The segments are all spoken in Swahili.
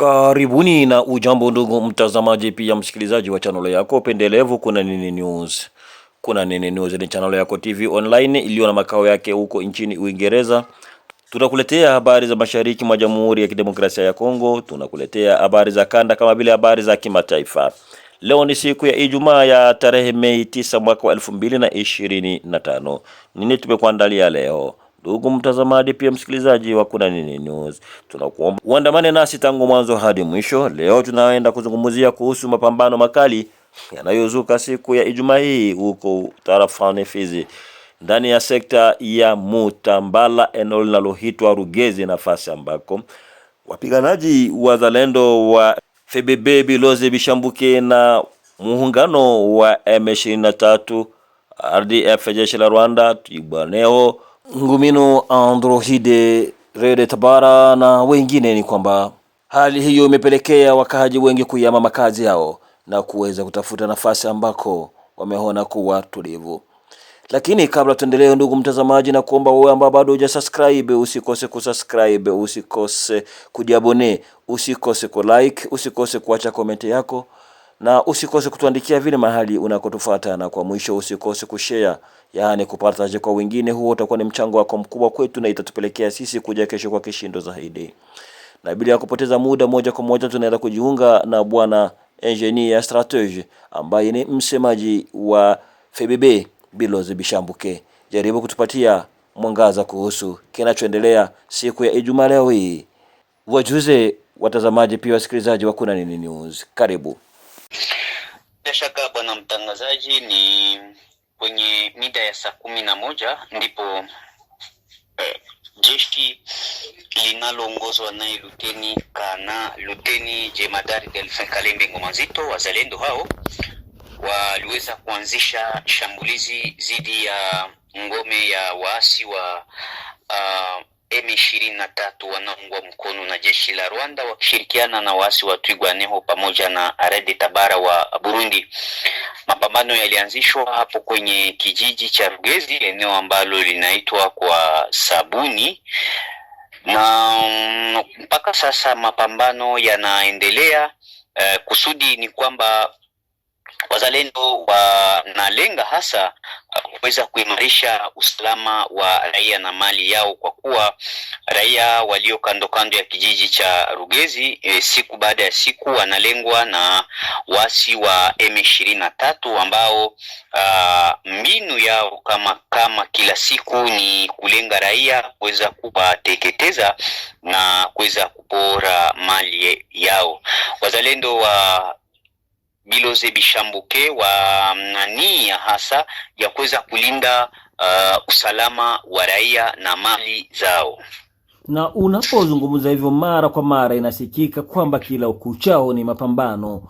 Karibuni na ujambo ndugu mtazamaji, pia msikilizaji wa chanelo yako pendelevu Kuna Nini News. Kuna Nini News ni chanelo yako TV online iliyo na makao yake huko nchini Uingereza. Tunakuletea habari za mashariki mwa Jamhuri ya Kidemokrasia ya Kongo, tunakuletea habari za kanda kama vile habari za kimataifa. Leo ni siku ya Ijumaa ya tarehe Mei 9 mwaka wa 2025. Nini tumekuandalia leo? Ndugu mtazamaji, pia msikilizaji wa Kuna Nini News, tunakuomba uandamane nasi tangu mwanzo hadi mwisho. Leo tunaenda kuzungumzia kuhusu mapambano makali yanayozuka siku ya Ijumaa hii huko tarafani Fizi ndani ya sekta ya Mutambala, eneo linaloitwa Rugezi, nafasi ambako wapiganaji wa zalendo wa FBB Biloze Bishambuke na muungano wa M23 RDF jeshi la Rwanda Twirwaneho Ngumino Androhide, Rede Tabara na wengine, ni kwamba hali hiyo imepelekea wakaaji wengi kuyama makazi yao na kuweza kutafuta nafasi ambako wameona kuwa tulivu. Lakini kabla tuendelee, ndugu mtazamaji, na kuomba wewe ambao bado hujasubscribe usikose kusubscribe, usikose kujiabone, usikose like, usikose kuacha komenti yako na usikose kutuandikia vile mahali unakotufuata, na kwa mwisho usikose kushare yaani kupartaje kwa wengine, huo utakuwa ni mchango wako mkubwa kwetu na itatupelekea sisi kuja kesho kwa kishindo zaidi. Na bila ya kupoteza muda, moja kwa moja tunaenda kujiunga na bwana Engineer strategy ambaye ni msemaji wa FEBB Bilozi Bishambuke. Jaribu kutupatia mwangaza kuhusu kinachoendelea siku ya Ijumaa leo hii, wajuze watazamaji pia wasikilizaji wa Kuna Nini News. Karibu. Bila shaka bwana mtangazaji, ni kwenye mida ya saa kumi na moja ndipo eh, jeshi linaloongozwa naye luteni kana luteni jemadari Delfin Kalembe Ngoma Nzito, wazalendo hao waliweza kuanzisha shambulizi dhidi ya ngome ya waasi wa uh, M23 wanaungwa mkono na jeshi la Rwanda wakishirikiana na waasi wa Twirwaneho pamoja na Arede Tabara wa Burundi. Mapambano yalianzishwa hapo kwenye kijiji cha Rugezi, eneo ambalo linaitwa kwa Sabuni na mm, mpaka sasa mapambano yanaendelea. Eh, kusudi ni kwamba wazalendo wanalenga hasa uh, kuweza kuimarisha usalama wa raia na mali yao, kwa kuwa raia walio kando kando ya kijiji cha Rugezi e, siku baada ya siku wanalengwa na wasi wa M23 ambao a, uh, mbinu yao kama kama kila siku ni kulenga raia, kuweza kuwateketeza na kuweza kupora mali yao. Wazalendo wa Biloze Bishambuke wa mm, nania hasa ya kuweza kulinda uh, usalama wa raia na mali zao. Na unapozungumza hivyo, mara kwa mara inasikika kwamba kila ukuchao ni mapambano.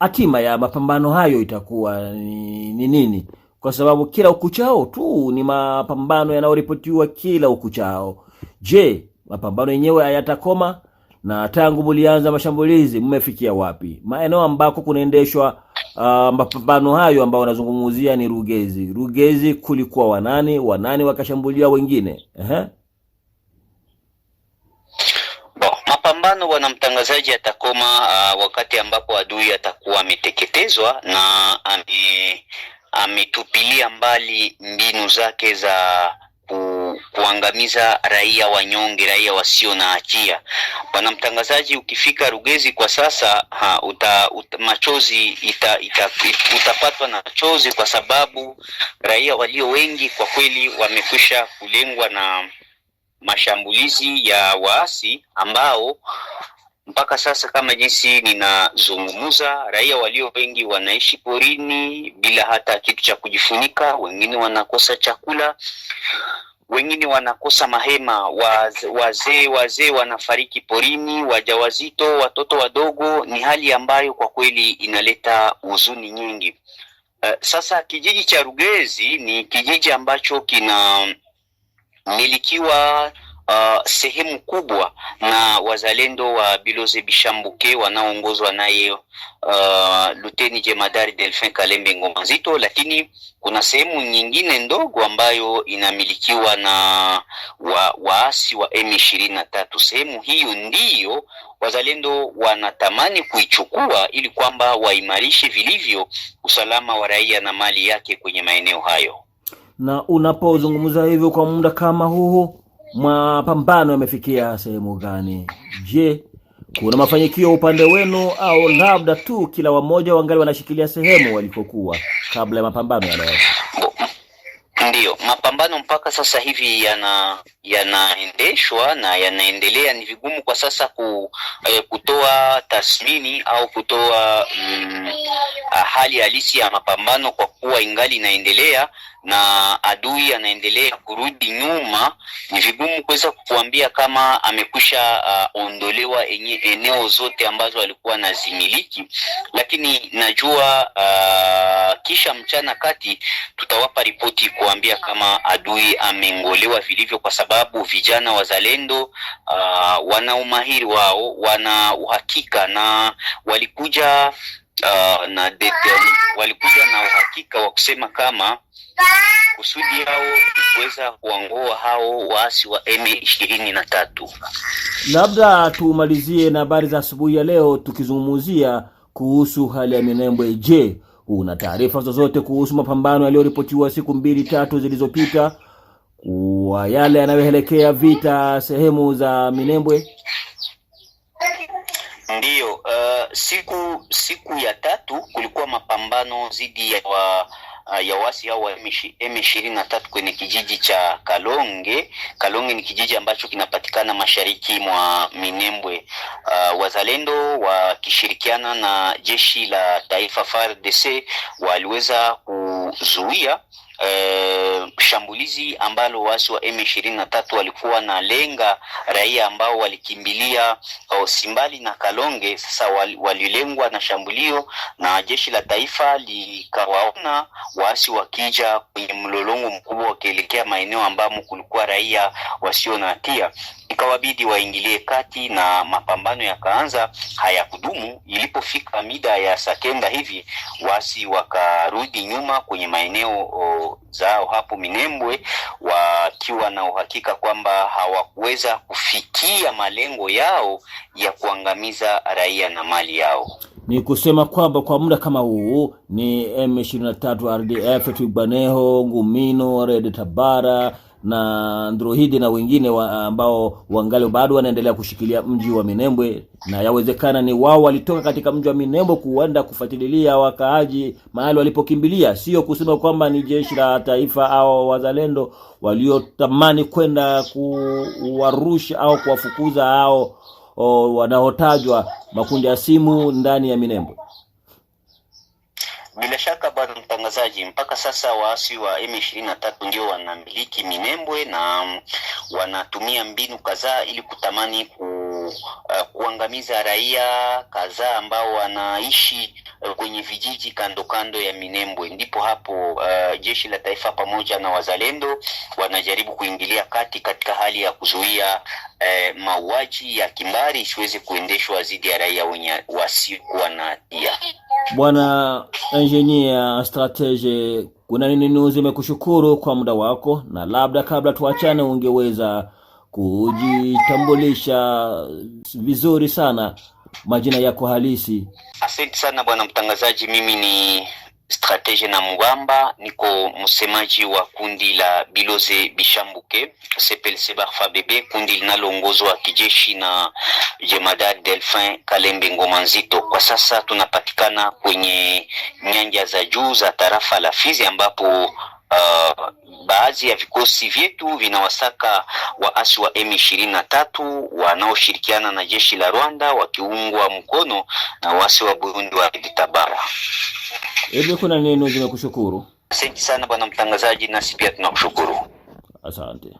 Hatima ya mapambano hayo itakuwa ni nini? Kwa sababu kila ukuchao tu ni mapambano yanayoripotiwa kila ukuchao. Je, mapambano yenyewe hayatakoma? na tangu mulianza mashambulizi mmefikia wapi? Maeneo ambako kunaendeshwa uh, mapambano hayo ambayo wanazungumzia ni Rugezi. Rugezi kulikuwa wanani wanani wakashambulia wengine uh-huh. mapambano bwana mtangazaji atakoma uh, ah, wakati ambapo adui atakuwa ameteketezwa na ame, ametupilia mbali mbinu zake za kuangamiza raia wanyonge, raia wasio na hatia. Bwana mtangazaji, ukifika Rugezi kwa sasa ha, uta, uta, machozi ita, ita, utapatwa na machozi kwa sababu raia walio wengi kwa kweli wamekwisha kulengwa na mashambulizi ya waasi ambao mpaka sasa kama jinsi ninazungumza, raia walio wengi wanaishi porini bila hata kitu cha kujifunika, wengine wanakosa chakula wengine wanakosa mahema, wazee wazee wanafariki porini, wajawazito, watoto wadogo. Ni hali ambayo kwa kweli inaleta huzuni nyingi. Uh, sasa kijiji cha Rugezi ni kijiji ambacho kinamilikiwa mm, uh, sehemu kubwa na wazalendo wa Biloze Bishambuke wanaoongozwa naye uh, Luteni Jemadari Delfin Kalembe Ngoma Nzito, lakini kuna sehemu nyingine ndogo ambayo inamilikiwa na waasi wa, wa M23. Sehemu hiyo ndiyo wazalendo wanatamani kuichukua ili kwamba waimarishe vilivyo usalama wa raia na mali yake kwenye maeneo hayo. Na unapozungumza hivyo kwa muda kama huu mapambano yamefikia sehemu gani? Je, kuna mafanikio upande wenu au labda tu kila wamoja wangali wanashikilia sehemu walikokuwa kabla ya mapambano ya leo? mapambano mpaka sasa hivi yana yanaendeshwa na yanaendelea. Ni vigumu kwa sasa ku, eh, kutoa tathmini au kutoa mm, hali halisi ya mapambano kwa kuwa ingali inaendelea, na adui anaendelea kurudi nyuma, ni vigumu kuweza kukuambia kama amekusha uh, ondolewa enye, eneo zote ambazo alikuwa anazimiliki, lakini najua uh, kisha mchana kati tutawapa ripoti kuambia kama adui amengolewa vilivyo, kwa sababu vijana wazalendo uh, wana umahiri wao, wana uhakika na walikuja Ah, na DTM walikuja na uhakika wa kusema kama kusudi yao ni kuweza kuangoa hao waasi wa M23. Labda tumalizie na habari za asubuhi ya leo tukizungumzia kuhusu hali ya Minembwe. Je, una taarifa zozote kuhusu mapambano yaliyoripotiwa siku mbili tatu zilizopita, kwa yale yanayoelekea vita sehemu za Minembwe? Ndiyo, uh, eh, siku siku ya tatu kulikuwa mapambano dhidi ya wa, ah, ya wasi hao wa M23 kwenye kijiji cha Kalonge. Kalonge ni kijiji ambacho kinapatikana mashariki mwa Minembwe. Uh, wazalendo wakishirikiana na jeshi la taifa FARDC waliweza kuzuia uh, shambulizi ambalo waasi wa M23 walikuwa na lenga raia ambao walikimbilia uh, Simbali na Kalonge. Sasa walilengwa walilengwa na shambulio na jeshi la taifa likawaona waasi wakija kwenye mlolongo mkubwa wakielekea maeneo ambamo kulikuwa raia wasio na hatia ikawabidi waingilie kati na mapambano yakaanza, hayakudumu. Ilipofika mida ya saa hivi, wasi wakarudi nyuma kwenye maeneo o, oh, zao, hapo Minembwe wakiwa na uhakika kwamba hawakuweza kufikia malengo yao ya kuangamiza raia na mali yao. Ni kusema kwamba kwa muda kama huu ni M23 RDF, Twigwaneho, Ngumino, Red Tabara na Ndrohidi na wengine wa ambao wangali bado wanaendelea kushikilia mji wa Minembwe, na yawezekana ni wao walitoka katika mji wa Minembwe kuenda kufuatilia wakaaji mahali walipokimbilia, sio kusema kwamba ni jeshi la taifa au wazalendo waliotamani kwenda kuwarusha au kuwafukuza hao wanaotajwa makundi ya simu ndani ya Minembwe. Bila shaka, bwana mtangazaji, mpaka sasa waasi wa M23 ndio wanamiliki Minembwe na mm, wanatumia mbinu kadhaa ili kutamani ku, uh, kuangamiza raia kadhaa ambao wanaishi uh, kwenye vijiji kando kando ya Minembwe. Ndipo hapo uh, jeshi la taifa pamoja na wazalendo wanajaribu kuingilia kati katika hali ya kuzuia uh, mauaji ya kimbari isiweze kuendeshwa dhidi ya raia wenye wasiokuwa na hatia. Bwana Engineer strategy, Kuna Nini News imekushukuru kwa muda wako, na labda kabla tuachane, ungeweza kujitambulisha vizuri sana majina yako halisi. Asante sana bwana mtangazaji, mimi ni Stratege na Mugamba, niko msemaji wa kundi la Biloze Bishambuke CPLC Barfa Bebe, kundi linaloongozwa kijeshi na jemada Delphin Kalembe Ngoma Nzito. Kwa sasa tunapatikana kwenye nyanja za juu za tarafa la Fizi ambapo uh, baadhi ya vikosi vyetu vinawasaka waasi wa M23 wanaoshirikiana na jeshi la Rwanda wakiungwa mkono na waasi wa Burundi wa Tabara. Hebu kuna neno zimekushukuru. Asante sana bwana mtangazaji, nasi pia tunakushukuru. Asante.